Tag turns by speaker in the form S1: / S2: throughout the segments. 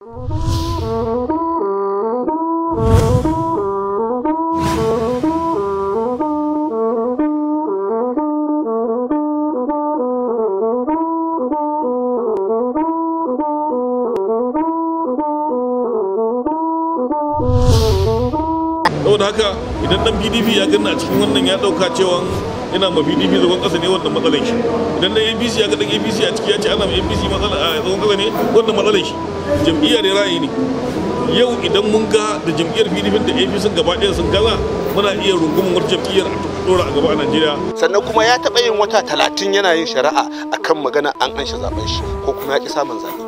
S1: 老
S2: 大哥。idan dan pdp ya gani a cikin wannan ya dauka cewa ina ma pdp zagon kasa ne wannan matsalar shi idan dan apc ya ga dan apc a ciki ya ce ana ma apc a zagon kasa ne wannan matsalar shi ne ra'ayi ne yau idan mun ga da jam'iyyar pdp da apc gaba ɗaya sun gaza muna iya rungumin wata jam'iyyar a dora a gaba a najeriya sannan kuma ya taɓa yin wata talatin
S3: yana yin shari'a akan magana an shi zaben shi ko kuma ya ki samun zaɓe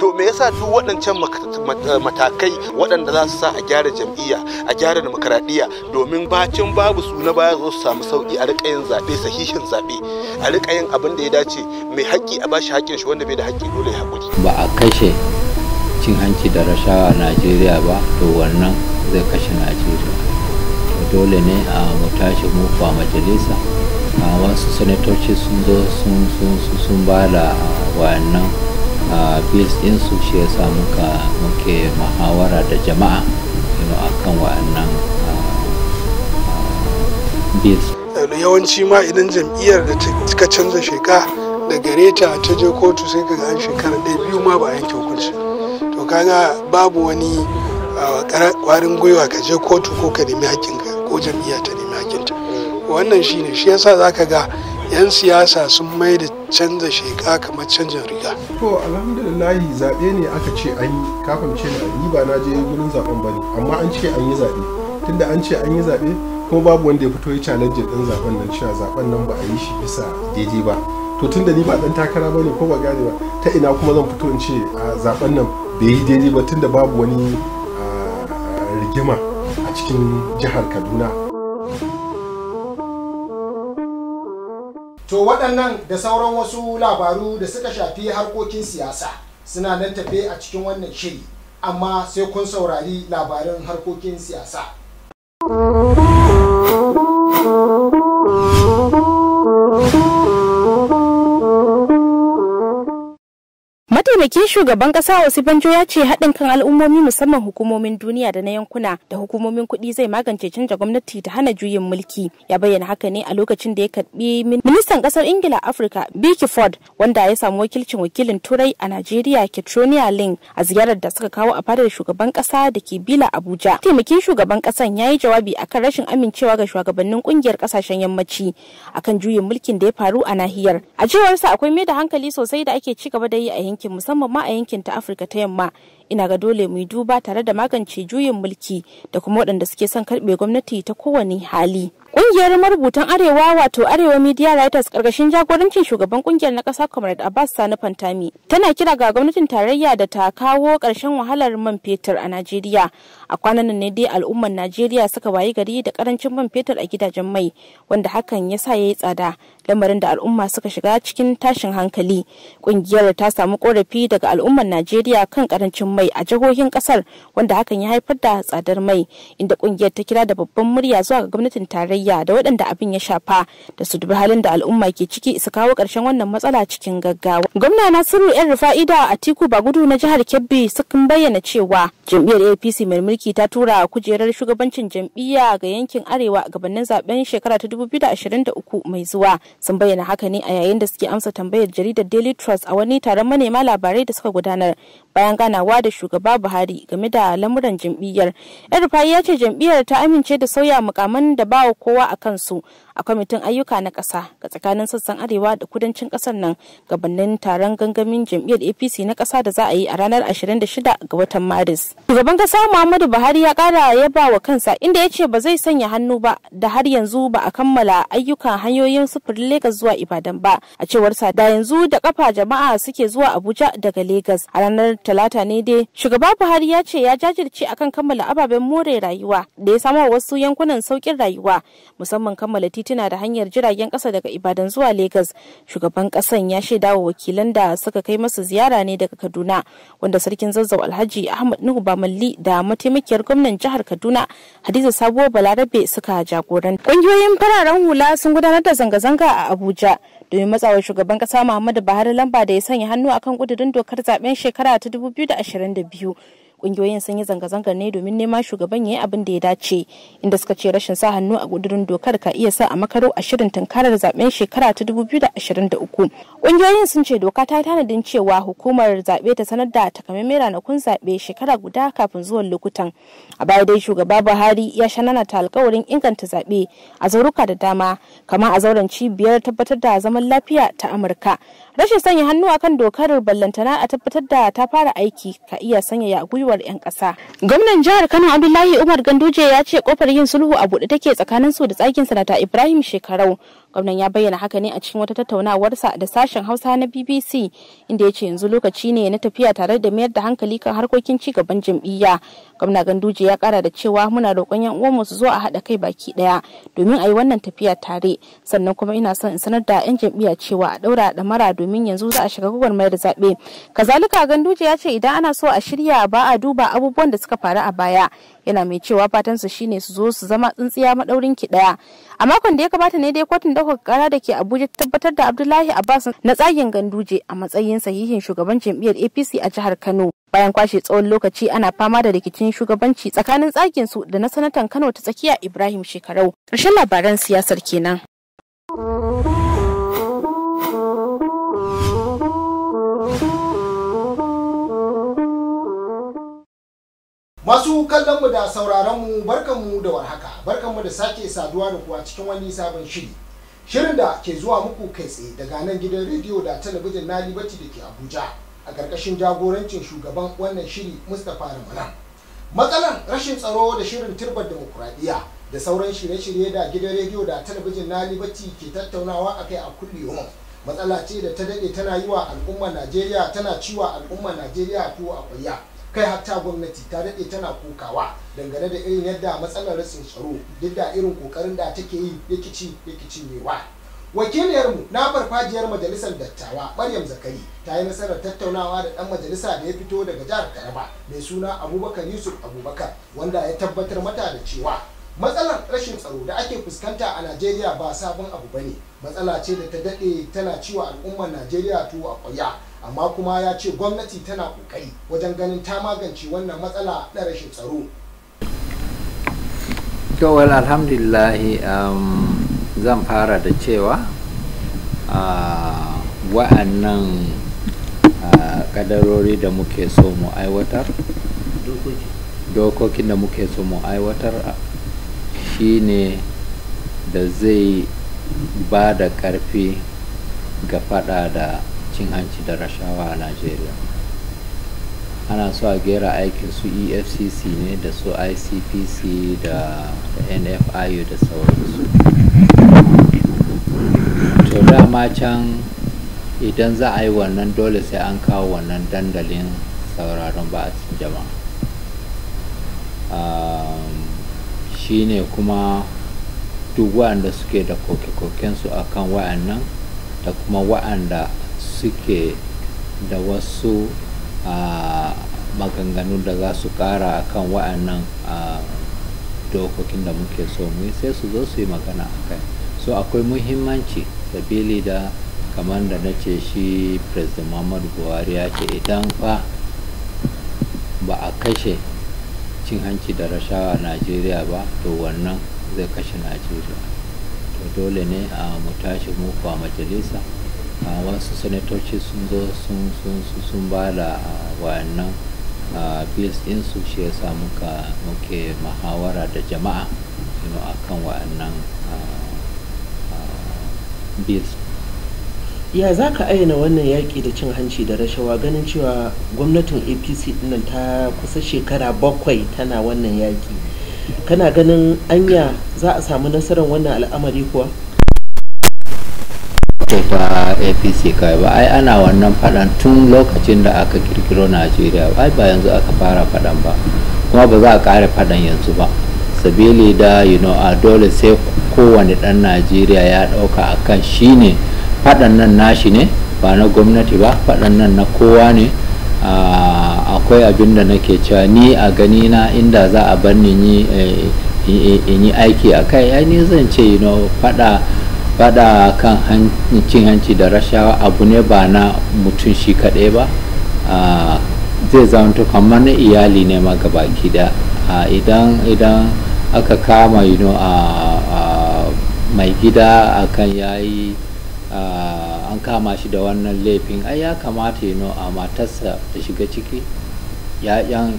S3: to me yasa duk waɗancan eh, matakai waɗanda za su sa a gyara jam'iyya a gyara demokaradiyya domin bacin babu su na baya zo su samu sauki a riƙa yin zaɓe sahihin zaɓe a riƙa yin abin da ya dace mai haƙƙi a bashi haƙƙin shi wanda bai da haƙƙi dole ya haƙuri
S4: ba a kashe cin hanci da rashawa a Najeriya ba to wannan zai kashe Najeriya dole ne a mu tashi mu ba majalisa a wasu sanatoci sun zo sun ba da wayannan bills su shi ya sa muka muke muhawara da jama'a a kan wa'annan bills
S5: yawanci ma idan jam'iyyar da ta canza sheka da gare ta je kotu sai ka ga an shekara ɗaya biyu ma ba yanke hukunci to kaga babu wani kwarin gwiwa ka je kotu ko ka nemi hakinka ko jam'iyya ta nemi hakinta wannan shine shi yasa zaka ga 'yan siyasa sun mai da canza sheƙa kamar canjin riga.
S6: To alhamdulillahi zaɓe ne aka ce an yi kafin ce na ni ba na je gurin zaɓen ba ne amma an ce an yi zaɓe tunda an ce an yi zaɓe kuma babu wanda ya fito ya challenge ɗin zaɓen nan cewa zaɓen nan ba a yi shi bisa daidai ba. To tunda ni ba ɗan takara ba ne ko ba gane ba ta ina kuma zan fito in ce zaɓen nan bai yi daidai ba tunda babu wani rigima a cikin jihar Kaduna.
S7: to waɗannan da sauran wasu labaru da suka shafi harkokin siyasa suna nan tafe a cikin wannan shiri amma sai kun saurari labarin harkokin siyasa.
S1: mataimakin shugaban kasa wasu banjo ya ce haɗin kan al'ummomi musamman hukumomin duniya da na yankuna da hukumomin kuɗi zai magance canja gwamnati da hana juyin mulki ya bayyana haka ne a lokacin da ya karbi ministan kasar ingila afirka biki ford wanda ya samu wakilcin wakilin turai a najeriya ketronia link a ziyarar da suka kawo a fadar shugaban kasa da ke bila abuja mataimakin shugaban kasan ya yi jawabi akan rashin amincewa ga shugabannin kungiyar kasashen yammaci akan juyin mulkin da ya faru a nahiyar a cewarsa akwai mai da hankali sosai da ake ci gaba da yi a yankin musamman musamman ma a yankin ta Afirka ta yamma. Ina ga dole mu duba tare da magance juyin mulki da kuma waɗanda suke son karɓe gwamnati ta kowane hali. Kungiyar marubutan Arewa wato Arewa Media Writers karkashin jagorancin shugaban kungiyar na ƙasa Comrade Abbas Sani Fantami tana kira ga gwamnatin tarayya da ta kawo ƙarshen wahalar man fetur a Najeriya. A kwanan nan ne dai al'ummar Najeriya suka wayi gari da karancin man fetur a gidajen mai wanda hakan ya sa ya yi tsada lamarin da al'umma suka shiga cikin tashin hankali. Kungiyar ta samu ƙorafi daga al'ummar Najeriya kan karancin mai a jihohin ƙasar wanda hakan ya haifar da tsadar mai inda kungiyar ta kira da babban murya zuwa ga gwamnatin tarayya tarayya da waɗanda abin ya shafa da su dubi halin da al'umma ke ciki su kawo ƙarshen wannan matsala cikin gaggawa. Gwamna Nasiru ‘yan a tiku ba gudu na jihar Kebbi sukan bayyana cewa jam'iyyar APC mai mulki ta tura kujerar shugabancin jam'iyya ga yankin Arewa gabanin zaben shekara ta 2023 mai zuwa. Sun bayyana haka ne a yayin da suke amsa tambayar jaridar Daily Trust a wani taron manema labarai da suka gudanar bayan ganawa da shugaba Buhari game da lamuran jam'iyyar. ‘Yan Rufa'i ya ce jam'iyyar ta amince da sauya mukaman da bawa kowa kowa a kansu a kwamitin ayyuka na ƙasa ga tsakanin sassan arewa da kudancin ƙasar nan gabanin taron gangamin jam'iyyar apc na ƙasa da za a yi a ranar 26 ga watan maris shugaban ƙasa muhammadu buhari ya ƙara yaba wa kansa inda ya ce ba zai sanya hannu ba da har yanzu ba a kammala ayyukan hanyoyin sufurin legas zuwa ibadan ba a cewar sa da yanzu da kafa jama'a suke zuwa abuja daga legas a ranar talata ne dai shugaba buhari ya ce ya jajirce akan kammala ababen more rayuwa da ya samar wasu yankunan saukin rayuwa musamman kammala titi tituna da hanyar jiragen kasa daga Ibadan zuwa lagos Shugaban kasan ya shaida wa wakilan da suka kai masa ziyara ne daga Kaduna, wanda sarkin zazzau Alhaji Ahmad Nuhu Bamalli da mataimakiyar gwamnan jihar Kaduna Hadiza Sabuwar Balarabe suka jagoranta. Ƙungiyoyin fararen hula sun gudanar da zanga-zanga a Abuja. domin matsawar shugaban kasa Muhammadu Buhari lamba da ya sanya hannu akan kudirin dokar zaben shekara ta 2022 kungiyoyin sun yi zanga zanga ne domin neman shugaban ya yi abin da ya dace inda suka ce rashin sa hannu a gudurin dokar ka iya sa a makaro a shirin tunkarar zaben shekara ta 2023 kungiyoyin sun ce doka ta tanadin cewa hukumar zabe ta sanar da takamaimai ranakun zabe shekara guda kafin zuwan lokutan a baya dai shugaba Buhari ya shanana ta alkawarin inganta zabe a zauruka da dama kamar a zauren cibiyar tabbatar da zaman lafiya ta Amurka rashin sanya hannu akan dokar ballantana a tabbatar da ta fara aiki ka iya sanyaya gwiwar 'yan ƙasa. Gwamnan jihar Kano Abdullahi Umar Ganduje ya ce kofar yin sulhu a buɗe take tsakanin su da tsakin sanata Ibrahim Shekarau Gwamnan ya bayyana haka ne a cikin wata tattaunawarsa da sashen Hausa na BBC inda ya ce yanzu lokaci ne na tafiya tare da mayar da hankali kan harkokin ci gaban jam'iyya. Gwamna Ganduje ya kara da cewa muna roƙon yan uwanmu su zo a haɗa kai baki ɗaya domin a yi wannan tafiya tare sannan kuma ina son in sanar da 'yan jam'iyya cewa a ɗaura ɗamara domin yanzu za a shiga gwagwarmayar zaɓe. Kazalika Ganduje ya ce idan ana so a shirya ba a duba abubuwan da suka faru a baya yana mai cewa fatan su shine su zo su zama tsintsiya madaurin ki daya a makon da ya gabata ne dai kotun ɗaukaka kara da ke abuja tabbatar da abdullahi abbas na tsagen ganduje a matsayin sahihin shugaban jam'iyyar apc a jihar kano bayan kwashe tsawon lokaci ana fama da rikicin shugabanci tsakanin tsagen su da na sanatan kano ta tsakiya ibrahim shekarau ƙarshen labaran siyasar kenan
S7: Masu kallon mu da sauraron mu barkan mu da warhaka, barkan mu da sake saduwa da kuwa cikin wani sabon shiri. Shirin da ke zuwa muku kai tsaye daga nan gidan rediyo da talabijin na Liberty da ke Abuja a ƙarƙashin jagorancin shugaban wannan shiri Mustapha Ramalan. matsalar rashin tsaro da shirin turbar demokuraɗiyya da sauran shirye-shirye da gidan rediyo da talabijin na Liberty ke tattaunawa akai a kullum. Matsala ce da ta daɗe tana yi wa al'ummar Najeriya tana ciwa al'ummar Najeriya tuwo a ƙwarya. kai hatta gwamnati ta daɗe tana kokawa dangane da irin yadda matsalar rashin tsaro duk da irin kokarin da take yi yakici yakici wakiliyar wakiliyarmu na farfajiyar majalisar dattawa maryam zakari ta yi nasarar tattaunawa da ɗan majalisa da ya fito daga jihar taraba mai suna abubakar yusuf abubakar wanda ya tabbatar mata da cewa matsalar rashin tsaro da ake fuskanta a najeriya ba sabon abu bane matsala ce da ta daɗe tana ciwa al'ummar najeriya tuwo a amma kuma ya ce gwamnati tana kokari wajen ganin ta magance wannan matsala na rashin tsaro
S4: to well alhamdulillahi um, zan fara da cewa a uh, wa'annan uh, kadarori da muke so mu aiwatar dokokin da muke so mu aiwatar shine da zai ba da ƙarfi ga fada da cin hanci da rashawa a najeriya ana so a gera aikin su efcc ne da su icpc da nfiu da sauransu to dama can idan za a yi wannan dole sai an kawo wannan dandalin sauraron ba a cin jama'a ne kuma duk wa'anda suke da koke-kokensu akan wa'annan da kuma wa'anda suke da wasu ah, maganganu da za su kara kan wa'annan ah, dokokin da muke so mu sai su zo su yi magana a kai so akwai muhimmanci sabili da kamar da na ce shi president muhammad buhari ya ce idan fa ba a kashe cin hanci da rashawa a najeriya ba to wannan zai kashe najeriya to dole ne a ah, mu tashi mu kwa majalisa wasu sanatoci sun zo sun ba da wayannan bills su shi ya sa muka muke mahawara da jama'a a kan wayannan bills ya za ka ayyana wannan yaƙi da cin hanci da rashawa ganin cewa gwamnatin apc dinnan
S7: ta kusa shekara bakwai tana wannan yaƙi kana ganin anya za a samu nasarar wannan al'amari kuwa
S4: ba apc kai ba ai ana wannan faɗan tun lokacin da aka kirkiro najeriya ai ba yanzu aka fara faɗan ba kuma ba za a kare faɗan yanzu ba sabili da you know a dole sai kowane ɗan najeriya ya ɗauka akan shi ne faɗan nan nashi ne ba na gwamnati ba faɗan nan na kowa ne akwai abin da nake cewa ni a gani na inda za a bar ni eh, in yi aiki a kai ai ni zan ce you know faɗa fada kan cin hanci da rashawa abu ne ba na mutum shi kaɗai ba zai zamanta kamar na iyali ne ma gaba gida idan idan aka kama yi a mai gida akan yayi an kama shi da wannan laifin ai ya kamata yi a matarsa ta shiga ciki ya'yan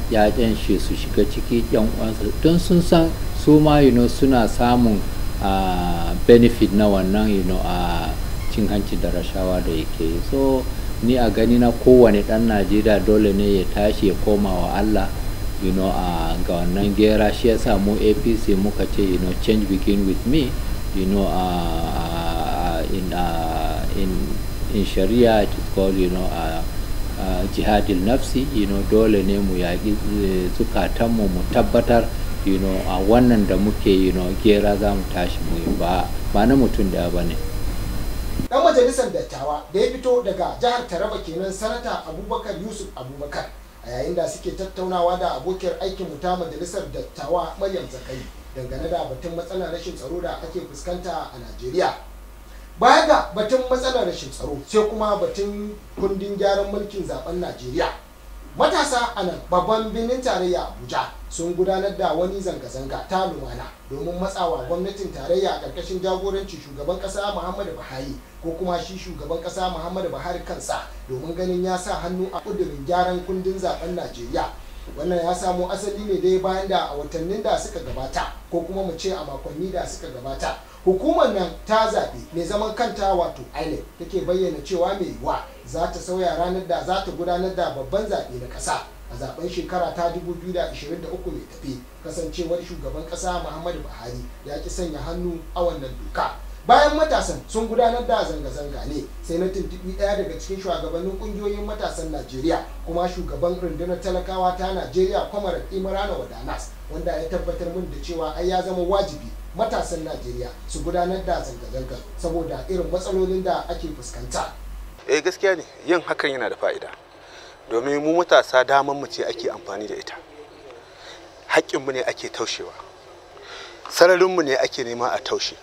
S4: shi su shiga ciki yan uwansa don sun san su ma yi suna samun A benefit na wannan you know, cin hanci da rashawa da yake so ni a gani na kowane ɗan najeriya dole ne ya tashi ya koma wa allah you know, a ga wannan gera shi yasa mu apc muka ce you know, change begin with me you know, a in, a in, in sharia it is called you know, a jihadil nafsi you know, dole ne mu yaƙi eh, zukatanmu mu tabbatar you a wannan da muke you know gera za mu tashi mu ba ba na mutum da ba ne
S7: dan majalisar dattawa da ya fito daga jihar taraba kenan sanata abubakar yusuf abubakar a yayin da suke tattaunawa da abokiyar aikin ta majalisar dattawa maryam zakai dangane da batun matsalar rashin tsaro da ake fuskanta a najeriya baya ga batun matsalar rashin tsaro sai kuma batun kundin gyaran mulkin zaben najeriya matasa a nan babban birnin tarayya abuja sun gudanar da wani zanga-zanga ta lumana domin matsawa gwamnatin tarayya a ƙarƙashin jagorancin shugaban ƙasa muhammadu buhari ko kuma shi shugaban ƙasa muhammadu buhari kansa domin ganin ya sa hannu a ƙudurin gyaran kundin zaben najeriya wannan ya samo asali ne dai bayan da a watannin da suka gabata ko kuma mu ce a makonni da suka gabata hukumar nan ta zaɓe mai zaman kanta wato inec take bayyana cewa mai yiwuwa za ta sauya ranar da za ta gudanar da babban zaɓe na ƙasa a zaben shekara ta 2023 mai tafe kasancewar shugaban kasa muhammadu buhari ya ki sanya hannu a wannan doka bayan matasan sun gudanar da zanga-zanga ne sai na tuntubi ɗaya daga cikin shugabannin ƙungiyoyin matasan najeriya kuma shugaban rundunar talakawa ta najeriya kwamar imrana wadanas wanda ya tabbatar min da cewa ai ya zama wajibi matasan najeriya su gudanar da zanga-zanga saboda irin matsalolin da ake fuskanta
S3: eh gaskiya ne yin hakan yana da fa'ida domin mu matasa damar mu ce ake amfani da ita haƙƙinmu ne ake taushewa sararinmu ne ake nema a taushe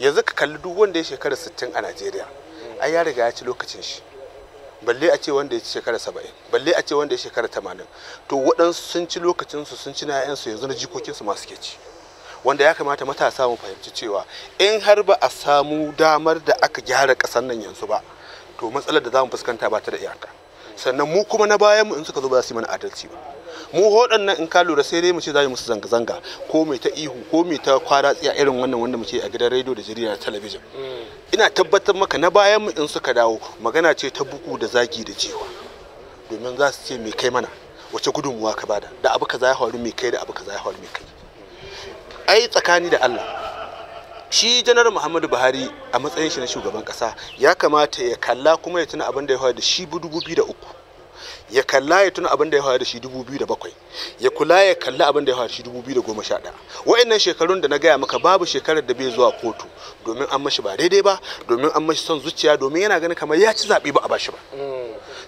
S3: yanzu ka kalli duk wanda ya shekara 60 a najeriya ai ya riga ya ci lokacin shi balle a ce wanda ya ci shekara 70 balle a ce wanda ya shekara 80 to waɗansu sun ci lokacinsu sun ci na 'yansu yanzu na jikokinsu masu ke ci wanda ya kamata matasa mu fahimci cewa in har ba a samu damar da aka gyara ƙasar nan yanzu ba to matsalar da za mu fuskanta ba ta da iyaka sannan mu kuma na bayan mu in suka zo ba su yi mana adalci ba mu nan in ka lura sai dai mu ce za mu su zanga-zanga ko mai ta ihu ko mai ta kwara tsiya irin wannan wanda muke a gidan rediyo da jarida da talabijin mm. ina tabbatar maka na bayan mu in suka dawo magana ce ta buku da zagi da cewa domin za su ce mai kai mana wace gudunmuwa ka bada da abu kaza ya faru mai kai da abu kaza ya faru mai kai ai tsakani da Allah shi janar muhammadu buhari a matsayin shi na shugaban kasa ya kamata ya kalla kuma ya tuna abin da ya faru da shi dubu biyu da uku. ya kalla ya tuna abin da ya faru da shi dubu biyu da bakwai. ya kula ya kalla abin da ya faru da shi ɗaya wa'annan shekarun da na gaya maka babu shekarar da bai zuwa kotu domin an mashi ba daidai ba domin an mashi son zuciya domin yana ganin kamar ya ci zaɓe ba a bashi ba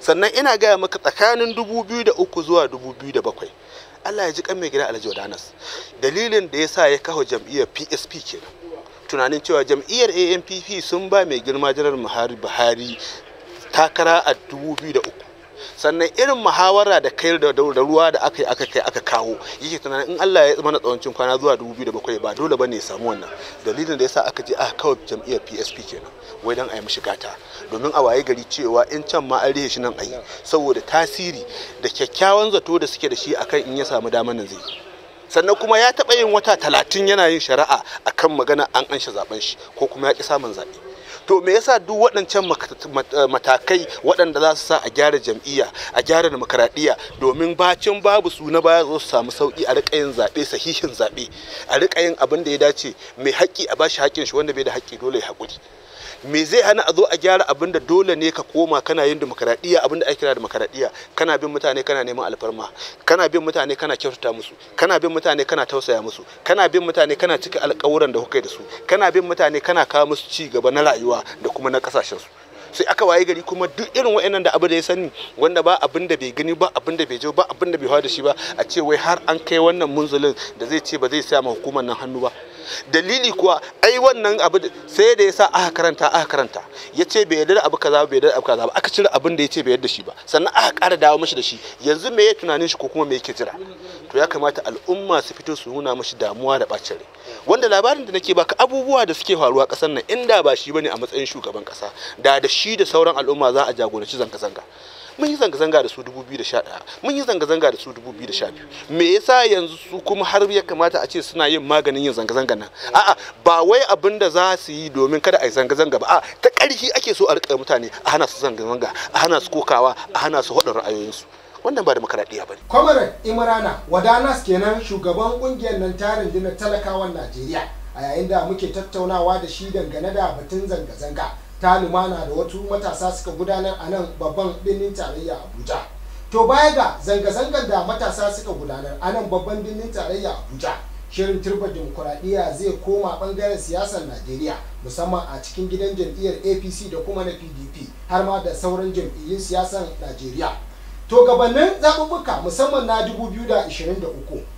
S3: sannan ina gaya maka tsakanin dubu biyu da uku zuwa dubu biyu da bakwai. Allah ya ji kan mai gida Alhaji Wadanas dalilin da ya sa ya kawo jam'iyyar PSP kenan tunanin cewa jam'iyyar ampp sun ba mai girma janar buhari takara a 2003 sannan irin muhawara da kai da ruwa da aka yi aka kai aka kawo yake tunanin in Allah ya mana tsawancin kwana zuwa 2007 ba dole bane ya samu wannan dalilin da yasa aka je aka kawo jam'iyyar PSP kenan wai dan yi mishi gata domin a waye gari cewa in can ma an rihe shi nan a yi saboda tasiri da kyakkyawan zato da suke da shi akan in ya samu damanin zai zai sannan kuma ya taɓa yin wata talatin yana yin shari'a akan magana an ansha zaɓen shi ko kuma ya ƙi samun zaɓe to me yasa duk waɗancan eh, matakai waɗanda za su sa a gyara jam'iyya a gyara demokaradiyya domin bacin babu su na baya zo su samu sauki a riƙa yin zaɓe sahihin zaɓe a riƙa yin abin da ya dace mai haƙƙi a bashi haƙƙin shi wanda bai da haƙƙi dole ya haƙuri me zai hana a zo a gyara abin da dole ne ka koma kana yin demokaradiyya abin da ake kira demokaradiyya kana bin mutane kana neman alfarma kana bin mutane kana kyautata musu kana bin mutane kana tausaya musu kana bin mutane kana cika alƙawuran da kuka da su kana bin mutane kana kawo musu ci gaba na rayuwa da kuma na kasashen su sai aka waye gari kuma duk irin wa'annan da abu da ya sani wanda ba abin da bai gani ba abin da bai je ba abin da bai hawa da shi ba a ce wai har an kai wannan munzulin da zai ce ba zai sa ma hukumar nan hannu ba dalili kuwa ai wannan abu sai da yasa aka karanta aka karanta ce bai yarda abu kaza bai yarda abu kaza ba aka cire abin da ce bai yarda shi ba sannan aka ƙara dawo mishi da shi yanzu me ya tunanin shi ko kuma me yake jira to ya kamata al'umma su fito su nuna mishi damuwa da bacin rai wanda labarin da nake baka abubuwa da suke faruwa ƙasar nan inda ba shi bane a matsayin shugaban ƙasa da da shi da sauran al'umma za a jagoranci zanga-zanga mun yi zanga-zanga da su 2011 mun yi zanga-zanga da su 2012 me yasa yanzu su kuma har ya kamata a ce suna yin maganin yin zanga-zanga nan a'a ba wai abin da za su yi domin kada a yi zanga-zanga ba a ta ƙarfi ake so a rika mutane a hana su zanga-zanga a hana su kokawa a hana su haɗa ra'ayoyinsu wannan ba demokaradiyya ba ne. Kwamaran
S7: Imrana Wadanas kenan shugaban kungiyar nan ta rundunar talakawan Najeriya a yayin da muke tattaunawa da shi dangane da batun zanga-zanga. ta lumana da wasu matasa suka gudanar a nan babban birnin tarayya abuja to baya ga zanga-zangar da matasa suka gudanar a nan babban birnin tarayya abuja shirin turba demokuraɗiyya zai koma ɓangaren siyasar najeriya musamman a cikin gidan jam'iyyar apc da kuma na pdp har ma da sauran jam'iyyun siyasar najeriya to gabanin zaɓuɓɓuka musamman na 2023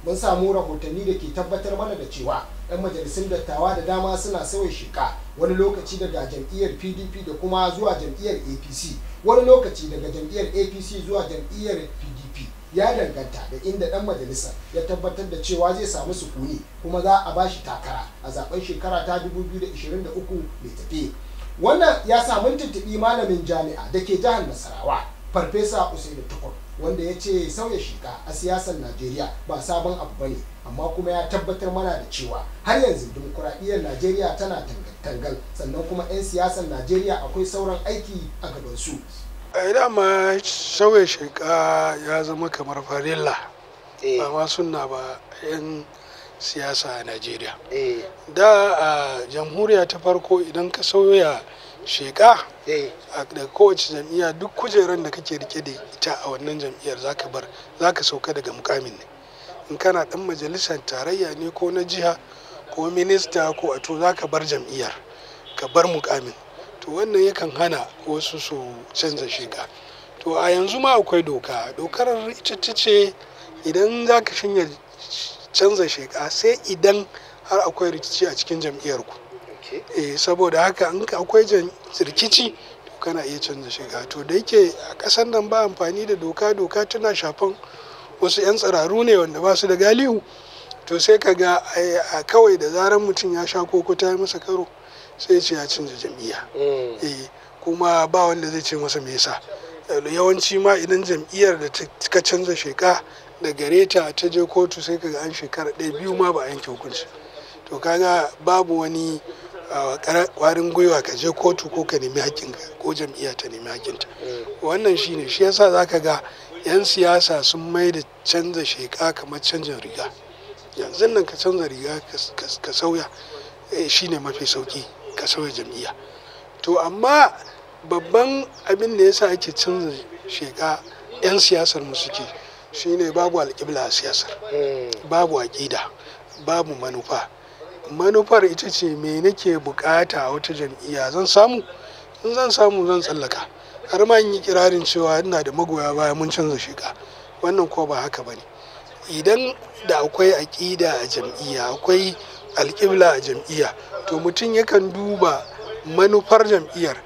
S7: mun samu rahotanni da ke tabbatar mana da cewa Ɗan majalisun dattawa da dama suna sauya shika wani lokaci daga jam'iyyar pdp da kuma zuwa jam'iyyar apc wani lokaci daga jam'iyyar apc zuwa jam'iyyar pdp ya danganta da inda ɗan majalisa ya tabbatar da cewa zai samu sukuni kuma za a ba shi takara a zaben shekara ta 2023 mai tafe wannan ya samu tuntuɓi malamin jami'a da ke jihar nasarawa farfesa usaini tukur wanda ya ce sauya shika a siyasar najeriya ba sabon abu bane amma kuma ya tabbatar mana da cewa har yanzu dimokuraɗiyyar najeriya tana tangal sannan kuma 'yan siyasar najeriya akwai sauran aiki a
S5: gabansu a eh, dama sauya shika ya zama kamar farilla eh. ba ma ba 'yan siyasa a najeriya eh. da a jamhuriya ta farko idan ka sauya sheka eh. daga kowace jam'iyya duk kujerar da kake rike da ita a wannan jam'iyyar zaka bar zaka sauka daga mukamin ne in kana dan majalisar tarayya ne ko na jiha ko minista ko a to zaka bar jam'iyyar ka bar mukamin to wannan yakan hana wasu su canza sheka to a yanzu ma akwai doka dokar ita ce idan zaka shanya canza sheka sai idan har akwai rikici a cikin jam'iyyar ku eh saboda haka in akwai rikici to kana iya canza shiga to da yake a ƙasar nan ba amfani da doka doka tana shafan wasu 'yan tsiraru ne wanda ba su da galihu to sai ka ga eh, a kawai da zaran mutum ya sha koko ta yi masa karo sai ce ya canza jam'iyya E kuma ba wanda zai ce masa me yasa yawanci ma idan jam'iyyar da ta canza sheka da gare ta ta je kotu sai kaga an shekara ɗaya biyu ma ba a yanke hukunci to kaga babu wani kwarin gwiwa ka je kotu ko ka nemi hakinka ko jam'iyya ta nemi hakinta mm. wannan ne shi yasa zaka ga 'yan siyasa sun mai da canza sheka kamar canjin riga yanzu nan ka canza riga ka sauya eh, shi ne mafi sauki ka sauya jam'iyya to amma babban abin da yasa ake canza sheka 'yan siyasar mu suke ne babu alƙibla a siyasar mm. babu aƙida babu manufa manufar ita ce me nake bukata a wata jam'iyya zan samu in zan samu zan tsallaka har ma in yi kirarin cewa ina da magoya baya mun canza shiga wannan ko ba haka bane idan da akwai aƙida a jam'iyya akwai alƙibla a jam'iyya to mutum yakan duba manufar jam'iyyar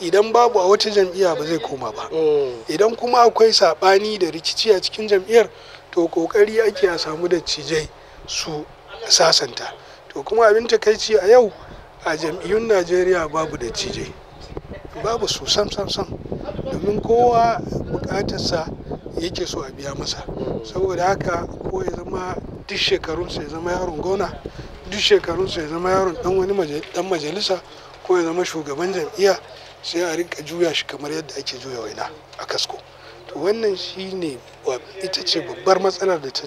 S5: idan babu a wata jam'iyya ba zai koma ba mm. idan kuma akwai saɓani da rikici a cikin jam'iyyar to ƙoƙari ake a samu da cijai su sasanta to kuma abin takaici a yau a jam'iyyun najeriya babu da cije babu su sam sam sam domin kowa bukatarsa yake so a biya masa saboda haka ko ya zama duk shekarunsa ya zama yaron gona duk shekarunsa ya zama yaron dan wani dan majalisa ko ya zama shugaban jam'iyya sai a rika juya shi kamar yadda ake juya waina a kasko to wannan shine ita ce babbar matsalar da ta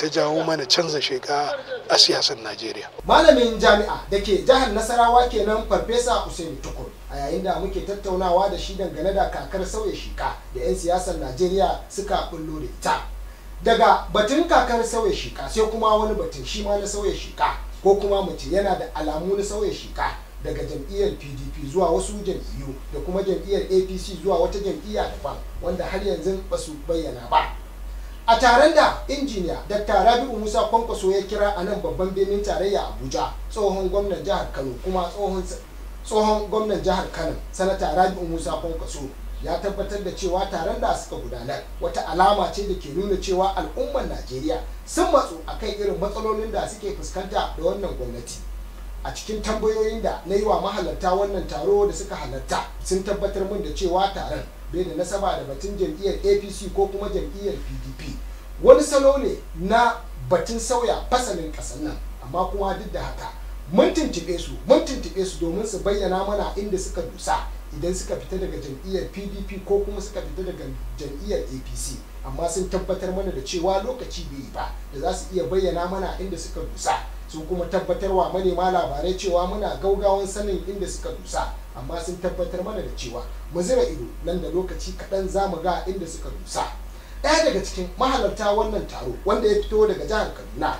S5: ta jawo mana canza sheka a siyasar najeriya malamin
S7: jami'a da ke jihar nasarawa kenan farfesa Usain tukur a yayin da muke tattaunawa da shi dangane da kakar sauya sheka da 'yan siyasar najeriya suka bullo da ita daga batun kakar sauya sheka sai kuma wani batun shi ma na sauya sheka ko kuma mace yana da alamu na sauya sheka daga jam'iyyar pdp zuwa wasu jam'iyyu da kuma jam'iyyar apc zuwa wata jam'iyya daban wanda har yanzu basu bayyana ba a taron da injiniya dr rabi'u musa kwankwaso ya kira a nan babban birnin tarayya abuja tsohon gwamnan jihar kano kuma tsohon gwamnan jihar kano sanata rabi'u musa kwankwaso ya tabbatar da cewa taron da suka gudanar wata alama ce da ke nuna cewa al'ummar najeriya sun matsu a kan irin matsalolin da suke fuskanta da wannan gwamnati a cikin tambayoyin da na yi wa mahalarta wannan taro da suka halarta sun tabbatar min da cewa taron bai da nasaba da batun jam'iyyar apc ko kuma jam'iyyar pdp wani salo ne na batun sauya fasalin ƙasar nan amma kuma duk da haka mun tuntuɓe su mun tuntuɓe su domin su bayyana mana inda suka dusa idan suka fita daga jam'iyyar pdp ko kuma suka fita daga jam'iyyar apc amma sun tabbatar mana da cewa lokaci bai yi ba da za su iya bayyana mana inda suka dusa sun kuma tabbatar tabbatarwa manema labarai cewa muna gaugawan sanin inda suka dusa amma sun tabbatar mana da cewa mu zira ido nan da lokaci kaɗan za mu ga inda suka dusa ɗaya daga cikin mahalarta wannan taro wanda ya fito daga jihar kaduna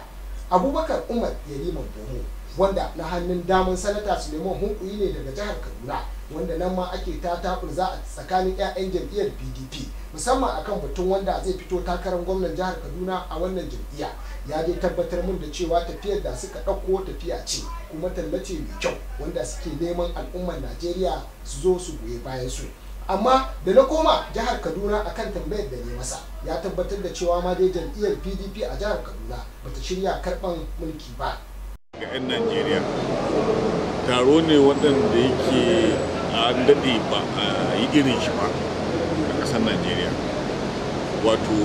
S7: abubakar umar yalimar bomo wanda na hannun daman sanata suleiman hunkuyi ne daga jihar kaduna wanda nan ma ake ta za a tsakanin 'ya'yan jam'iyyar pdp musamman akan batun wanda zai fito takarar gwamnan jihar kaduna a wannan jam'iyya ya dai tabbatar mun da cewa tafiyar da suka ɗauko tafiya ce kuma tallace mai kyau wanda suke neman al'ummar najeriya su zo su goyi bayan su amma da na koma jihar kaduna akan tambayar da ne masa ya tabbatar da cewa ma dai jam'iyyar pdp a jihar kaduna bata shirya karɓan mulki ba
S2: ga 'yan najeriya taro ne waɗanda yake an daɗe ba a yi irin shi ba a ƙasar najeriya wato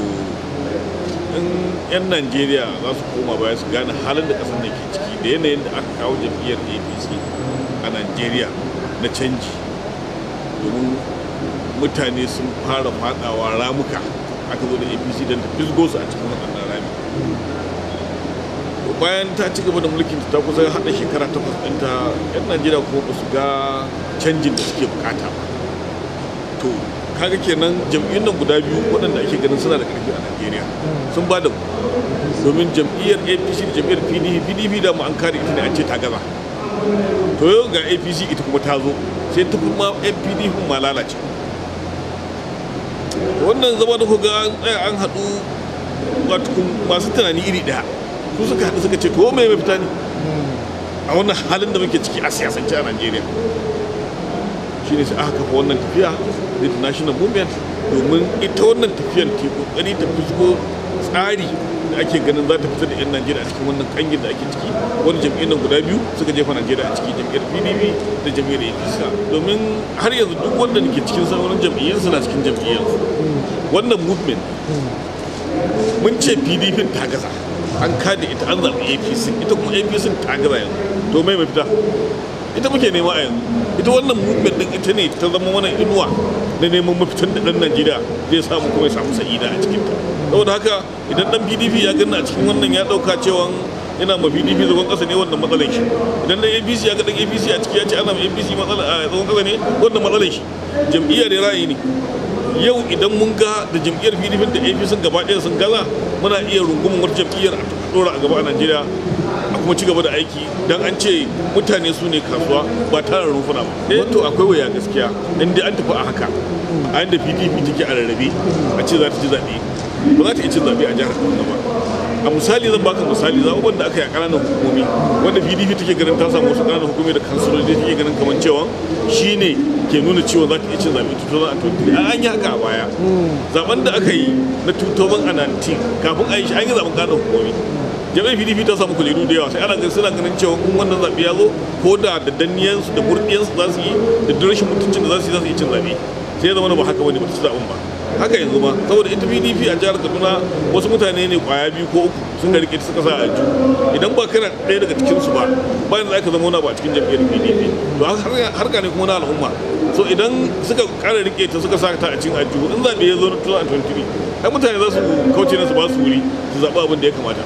S2: in 'yan najeriya za su koma baya su gane halin da ƙasar da ke ciki da yanayin da aka kawo jam'iyyar apc a najeriya na canji domin mutane sun fara fadawa ramuka aka zo da apc don ta fisgo su a cikin waɗannan rami bayan ta ci gaba da mulkin ta kusa hada shekara takwas ɗinta yan najeriya kuma ba su ga canjin da suke bukata ba to kaga kenan jam'iyyun nan guda biyu waɗanda ake ganin suna da ƙarfi a najeriya sun ba da domin jam'iyyar apc da jam'iyyar pdp pdp da mu an kare ita ne an ce ta gaba to yau ga apc ita kuma ta zo sai ta kuma pdp ma lalace wannan zama da kuga an tsaya an haɗu masu tunani iri ɗaya ku suka haɗu suka ce ko mai mafita ne a wannan halin da muke ciki a siyasance a najeriya shi ne sai aka kafa wannan tafiya da international movement domin ita wannan tafiyan ke kokari ta fusko tsari da ake ganin za ta fitar da 'yan najeriya a cikin wannan kangin da ake ciki wani jam'iyyar nan guda biyu suka jefa najeriya a ciki jam'iyyar pdp da jam'iyyar apc domin har yanzu duk wanda ke cikin sauran jam'iyyar suna cikin jam'iyyar wannan movement mun ce pdp ta gaza an kada ita an zaɓi apc ita kuma apc ta gaba yanzu to mai mafita ita muke nema a yanzu ita wannan movement din ita ne ta zama wani inuwa na neman mafitan da ɗan najeriya zai samu kuma ya samu sa'ida a cikin ta saboda haka idan ɗan pdp ya ganna a cikin wannan ya ɗauka cewa ina ma pdp zagon ƙasa ne wannan matsalar shi idan ɗan apc ya ga ɗan apc a ciki ya ce ana ma apc matsalar a zagon ƙasa ne wannan matsalar shi jam'iyyar ra'ayi ne yau idan mun ga da jam'iyyar pdp da apc sun gaba ɗaya sun gaza muna iya rungumar wata jam'iyyar a ɗora a gaba a najeriya a kuma ci gaba da aiki don an ce mutane su ne kasuwa ba tare da rumfuna ba eh to akwai waya gaskiya inda dai an tafi a haka a yadda pdp take a rarrabe a ce za ta ci zaɓe ba za ta iya cin zaɓe a jihar kaduna ba a misali zan baka misali zaɓuɓɓan da aka yi a ƙananan hukumomi wanda pdp take ganin ta samu wasu ƙananan hukumomi da kansiloli da take ganin kamar cewa shine ke nuna cewa za ta iya cin zaɓe a an yi haka a baya zaɓen da aka yi na 2019 kafin a yi shi an yi zaɓen ƙananan hukumomi jami'ai pdp ta samu kujeru da yawa sai ana ganin suna ganin cewa kun wannan zaɓe ya zo ko da da danniyansu da burɗiyansu za su yi da rashin mutuncin da za su yi za su yi cin zaɓe sai ya zama ba haka wani ba ci zaɓen ba haka yanzu ma saboda ita pdp a jihar kaduna wasu mutane ne kwaya biyu ko uku suka rike suka sa a ju idan ba kana ɗaya daga cikin su ba bayan za ka zama wani ba cikin jam'iyyar pdp to harka ne kuma na al'umma so idan suka kara rike ta suka sa ta a cikin ajiyu in zaɓe ya zo na 2023 ai mutane za su kauce na su ba su wuri su zaɓi abin da ya kamata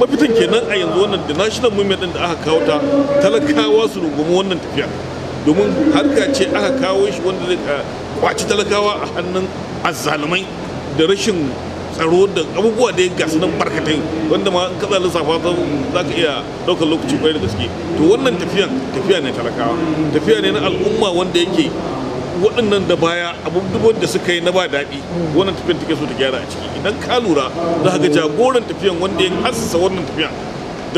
S2: mafitan kenan a yanzu wannan da national movement din da aka kawo ta talakawa su rungumi wannan tafiya domin harka ce aka kawo shi wanda zai kwaci talakawa a hannun azzalumai da rashin tsaro da abubuwa da ya gasu nan barkatai wanda ma ka tsala safa za ka iya ɗaukar lokaci kwarai da gaske to wannan tafiyan tafiya ne talakawa tafiya ne na al'umma wanda yake waɗannan da baya abubuwan da suka yi na ba daɗi wannan tafiyan take so ta gyara a ciki idan ka lura za ka ga jagoran tafiyan wanda ya hassasa wannan tafiyan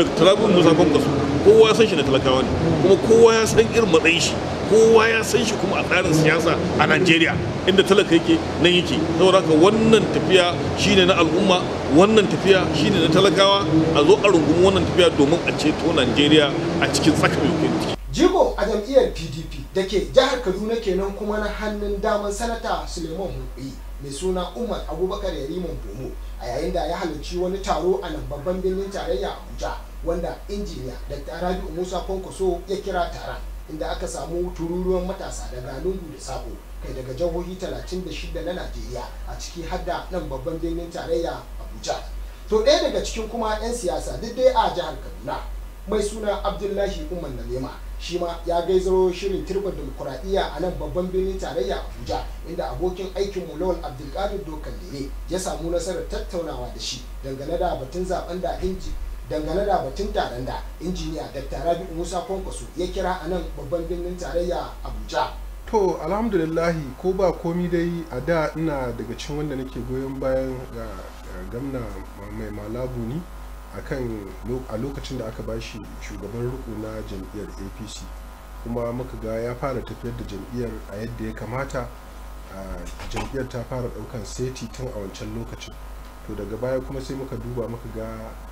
S2: dr musa kwankwaso kowa ya san shi na talakawa ne kuma kowa ya san irin matsayin shi kowa ya san shi kuma a tsarin siyasa a najeriya inda talaka yake nan yake saboda haka wannan tafiya shine na al'umma wannan tafiya shine na talakawa a zo a rungumi wannan tafiya domin a ceto najeriya a cikin tsakanin yankin
S7: jibo a jam'iyyar pdp da ke jihar kaduna kenan kuma na hannun daman sanata suleiman hulɓi mai suna umar abubakar yariman bomo a yayin da ya halarci wani taro a nan babban birnin tarayya abuja wanda injiniya dr rabi'u musa kwankwaso ya kira tara inda aka samu tururuwan matasa daga lungu da sako kai daga jihohi 36 na najeriya a ciki hadda nan babban birnin tarayya abuja to ɗaya daga cikin kuma 'yan siyasa duk dai a jihar kaduna mai suna abdullahi umar nalema shi ma ya gaizaro shirin turbar demokuraɗiyya a nan babban birnin tarayya abuja inda abokin aikin lawal abdulkadir dokan ne ya samu nasarar tattaunawa da shi dangane da batun zaben da inji dangane da batun taron da injiniya da rabi musa kwankwaso ya kira a nan babban birnin tarayya abuja
S6: to alhamdulillahi ko ba komi dai a da ina daga cin wanda nake goyon bayan ga gamna mai malabu ni a lokacin da aka bashi shugaban riko na jam'iyyar apc kuma muka ga ya fara tafiyar da jam'iyyar a yadda ya kamata jam'iyyar ta fara ɗaukan seti tun a wancan lokacin to daga baya kuma sai muka duba muka ga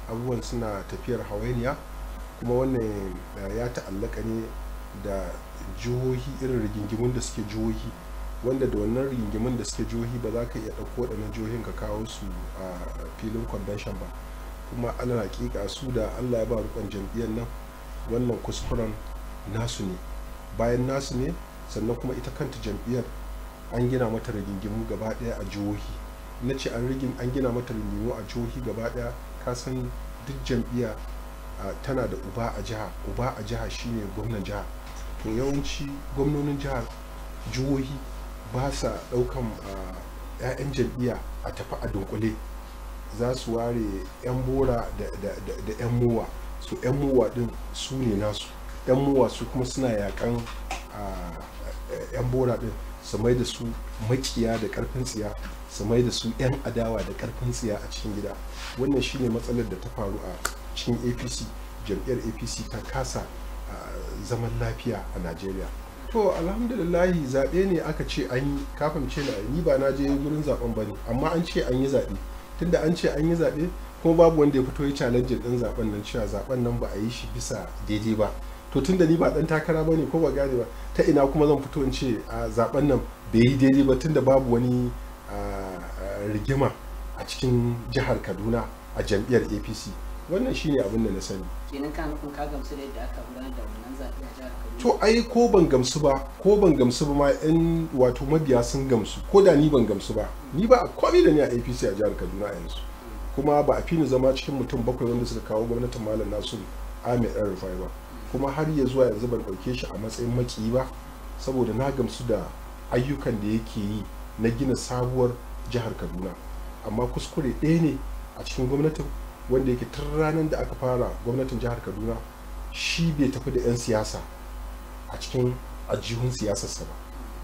S6: abubuwan suna tafiyar hawainiya kuma wannan eh, ya ta'allaka ne da jihohi irin rigingimun da suke jihohi wanda da wannan rigingimun da suke jihohi ba za ka iya ɗauko waɗannan jihohin ka kawo su a filin convention ba kuma ana hakika su da allah ya ba rukon jam'iyyar nan wannan kuskuren nasu ne bayan nasu ne sannan kuma ita kanta jam'iyyar an gina mata rigingimu gaba ɗaya a jihohi na ce an rigin an gina mata lemu a jihohi gaba daya ka san duk jam'iyya tana da uba a jiha uba a jiha shine gwamnan jiha to yawanci gwamnonin jihar jihohi ba sa daukan 'ya'yan jam'iyya a tafi a dunkule za su ware 'yan bora da 'yan mowa su 'yan mowa din su ne nasu 'yan mowa su kuma suna yakan 'yan bora din su mai da su makiya da karfin tsiya su mai da su 'yan adawa da karfin tsiya a cikin gida wannan shine matsalar da ta faru a cikin apc jam'iyyar apc ta kasa zaman lafiya a nigeria. to alhamdulillahi zaɓe ne aka ce an yi kafin ce na ni ba na je gurin zaɓen ba ne amma an ce an yi zaɓe tunda an ce an yi zaɓe kuma babu wanda ya fito ya challenge din zaɓen nan cewa zaɓen nan ba a yi shi bisa daidai ba to tun da ni ba dan takara bane ko ba gane ba ta ina kuma zan fito in ce a zaben nan bai yi daidai ba tun da babu wani rigima a cikin jihar kaduna a jam'iyyar apc wannan shine abin da na sani
S4: kenan ka nufin ka gamsu da yadda aka gudanar da wannan zaɓe a jihar kaduna to
S6: ai ko ban gamsu ba ko ban gamsu ba ma yan wato mabiya sun gamsu ko da ni ban gamsu ba ni ba komai da ni a apc a jihar kaduna yanzu kuma ba a ni zama cikin mutum bakwai wanda suka kawo gwamnatin malam nasiru ahmed ɗan rufai ba kuma har ya zuwa yanzu ban ɗauke shi a matsayin maki ba saboda na gamsu da ayyukan da yake yi na gina sabuwar jihar kaduna amma kuskure ɗaya ne a cikin gwamnatin wanda yake tun ranar da aka fara gwamnatin jihar kaduna shi bai tafi da 'yan siyasa a cikin ajihun siyasarsa ba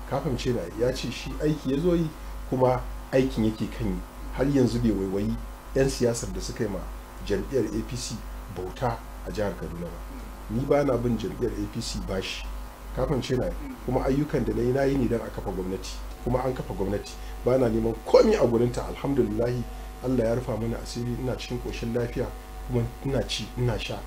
S6: kafin ce na ya ce shi aiki ya zo yi kuma aikin yake kan yi har yanzu bai waiwayi 'yan siyasar da suka yi ma jam'iyyar apc bauta a jihar kaduna ba ni ba na bin jam'iyyar apc ba shi kafin ce na kuma ayyukan da na yi na yi ne don a kafa gwamnati kuma an kafa gwamnati ba na neman komi a gurinta alhamdulillahi allah ya rufa mana asiri ina cikin koshin lafiya kuma ina ci ina sha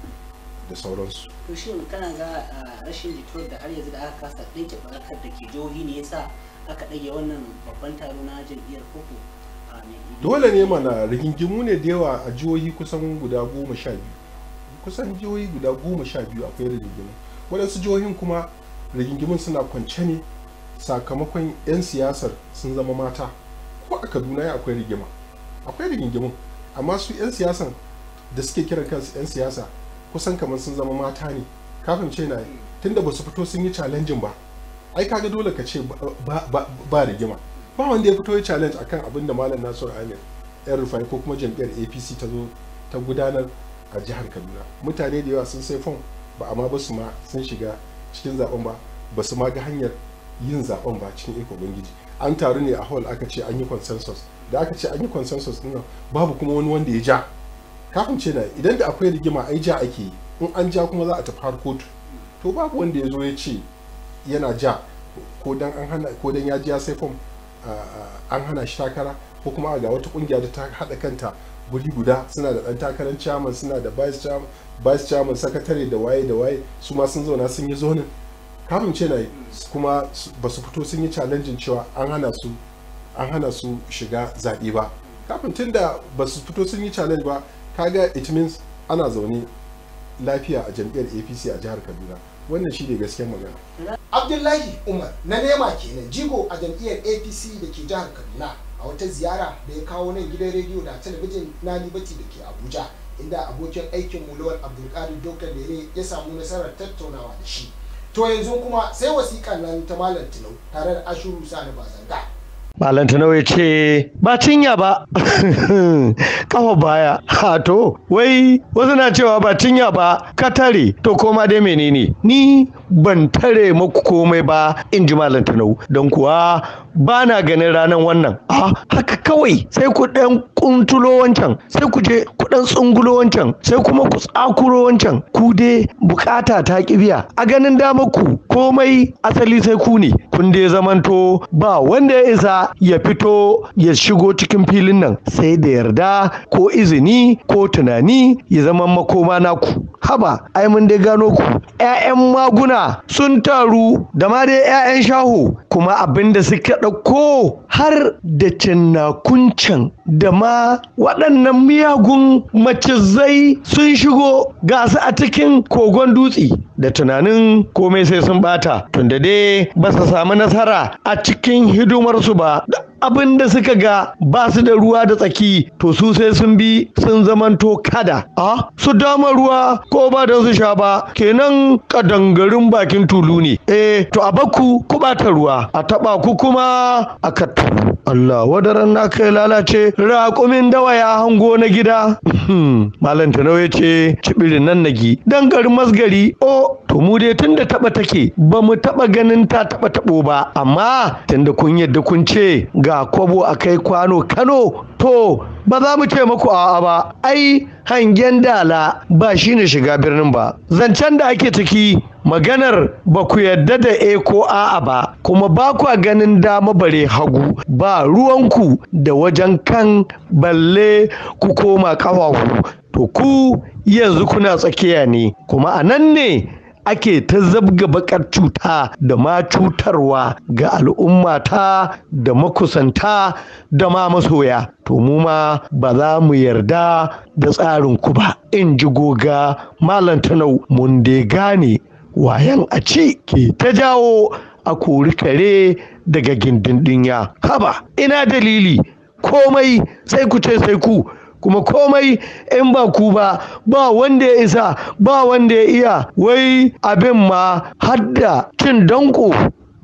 S6: da sauransu to shi kana ga rashin da har yanzu da aka kasa ɗinke barakar da ke jihohi ne yasa aka ɗage wannan babban taro na jam'iyyar koko dole ne mana rigingimu ne da yawa a jihohi kusan guda goma sha biyu kusan jihohi guda goma sha biyu akwai rigingimu waɗansu jihohin kuma rigingimun suna kwance ne sakamakon 'yan siyasar sun zama mata ko a kaduna ya akwai rigima akwai rigingimun amma su 'yan siyasan da suke kiran kansu 'yan siyasa kusan kamar sun zama mata ne kafin ce na tunda ba su fito sun yi challenging ba ai kaga dole ka ce ba rigima ba wanda ya fito ya challenge akan abin da malam nasiru amir yan rufai ko kuma jam'iyyar apc ta zo ta gudanar a jihar kaduna mutane da yawa sun sai fom ba amma ba su ma sun shiga cikin zaben ba ba su ma ga hanyar yin zaben ba cikin iko ubangiji an taru ne a hall aka ce an yi consensus da aka ce an yi consensus din babu kuma wani wanda ya ja kafin ce na idan da akwai rigima ai ja ake yi in an ja kuma za a tafi har kotu to babu wanda ya zo ya ce yana ja ko dan an hana ko dan ya ji ya sai fom an hana shi takara ko kuma ga wata kungiya da ta haɗa kanta guri guda suna da ɗan takarar chairman suna da vice chairman sakatare da waye da waye su ma sun zauna sun yi zonin kafin ce na kuma ba su fito sun yi challenging cewa an hana su an hana su shiga zaɓe ba kafin tun da ba su fito sun yi challenge ba kaga it means ana zaune lafiya a jam'iyyar apc a jihar kaduna wannan shi ne gaskiyar magana
S7: abdullahi umar na nema kenan jigo a jam'iyyar apc da ke jihar kaduna a wata ziyara da ya kawo nan gidan rediyo da talabijin na libati da ke abuja inda abokin aikin mu lawal abdulkadir dokar dare ya samu nasarar tattaunawa da shi to yanzu kuma sai wasiƙa nan ta malam tilau tare da ashuru sani bazanga
S8: Malam ya ce ba cinya ba kafa baya ha wai wasu na cewa ba cinya ba ka tare to koma dai menene ni ban tare maku komai ba in ji Malam don kuwa ba na ganin ranar wannan a haka kawai sai ku ɗan kuntulo wancan sai ku je ku ɗan tsungulo wancan sai kuma ku tsakuro wancan ku dai bukata ta kibiya a ganin dama ku komai asali sai ku ne kun dai zamanto ba wanda ya isa ya fito ya shigo cikin filin nan sai da yarda ko izini ko tunani ya zama makoma naku haba ai mun dai gano ku 'ya'yan maguna sun taru da ma dai 'ya'yan shaho kuma abin da suka ɗauko har da cin na da ma waɗannan miyagun macizai sun shigo su a cikin kogon dutse da tunanin komai sai sun bata tunda dai ba su samu nasara a cikin hidimarsu ba abin da suka ga ba su da ruwa da tsaki to su sai sun bi sun zamanto kada a su dama ruwa ko ba da su sha ba kenan kadangarin bakin tulu ne eh to a baku ku bata ruwa a taba ku kuma a kattu Allah wadaran na kai lalace raƙumin dawa ya hango na gida hmm, malam tanau ya ce cibirin nan nagi dan garin masgari o to mu dai tunda taba take ba mu taba ganin ta taba tabo ba amma tunda kun yadda kun ce ga kwabo kai kwano kano to ba za mu ce maku a'a ba ai hangen dala ba shine shiga birnin ba zancen da ake ciki maganar ba ku yadda da e ko a'a ba kuma ba kwa ganin dama bare hagu ba ruwanku da wajen kan balle ku koma ƙafafu to ku yanzu kuna tsakiya ne kuma a nan ne ake ta zabga bakar cuta da ma cutarwa ga al'ummata da makusanta da ma masoya to mu ma ba za mu yarda da tsarin ku ba in ji goga malam tanau mun dai gane wayan a ci ke ta jawo a kori kare daga gindin dinya haba ina dalili komai sai ku ce sai ku kuma komai in ba ku ba ba wanda ya isa ba wanda ya iya wai abin ma hadda cin danko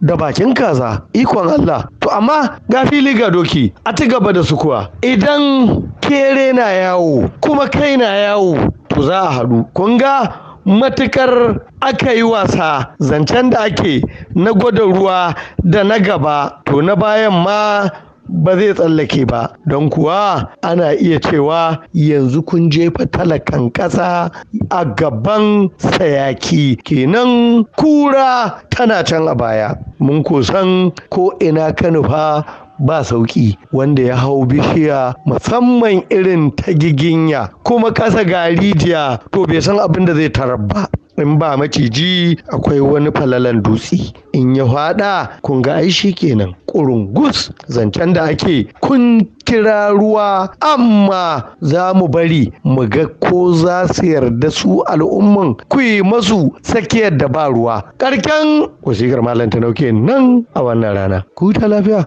S8: da bakin kaza ikon Allah to amma ga fili ga doki a ci gaba da su kuwa idan kere na yawo kuma kai na yawo to za a haɗu kun ga matukar aka yi wasa zancen da ake na gwada ruwa da na gaba to na bayan ma ba zai tsallake ba don kuwa ana iya cewa yanzu kun jefa talakan ƙasa a gaban sayaki kenan kura tana can a baya mun kusan ko ina ka nufa ba sauki wanda ya hau bishiya musamman irin ta giginya kuma ƙasa garijiya to bai san abin da zai tarar ba in ba maciji akwai wani falalan dutse in ya faɗa kun ga Aishi shi kenan kurungus zancen da ake kun kira ruwa amma za mu bari mu ga ko za su yarda su al'umman ku yi masu tsakiyar da ba ruwa Ƙarken wasikar malam ta nauke nan a wannan rana ku ta lafiya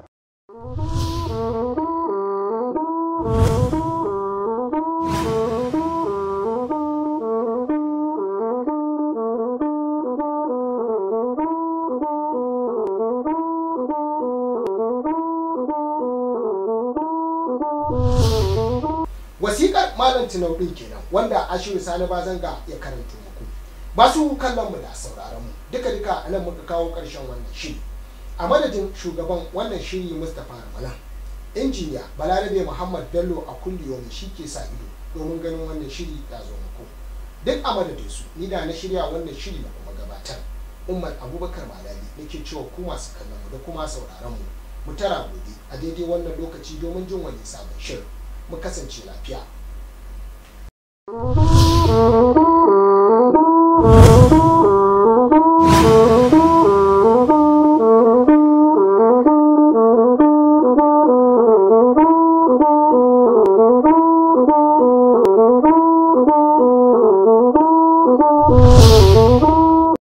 S8: wasiƙar
S7: malam tinau kenan wanda ashiru sani ba zanga ya karanto muku masu kallon mu da sauraron mu duka duka nan muka kawo ƙarshen wannan shiri a madadin shugaban wannan shiri mustapha ramadan injiniya balarabe muhammad bello a kulliyomi shi ke sa ido domin ganin wannan shiri ya zo muku duk a madadin su ni da na shirya wannan shiri na kuma gabatar umar abubakar malali nake cewa ku masu kallon mu da kuma sauraron mu mu tara gobe a daidai wannan lokaci domin jin wani sabon shirin mu kasance lafiya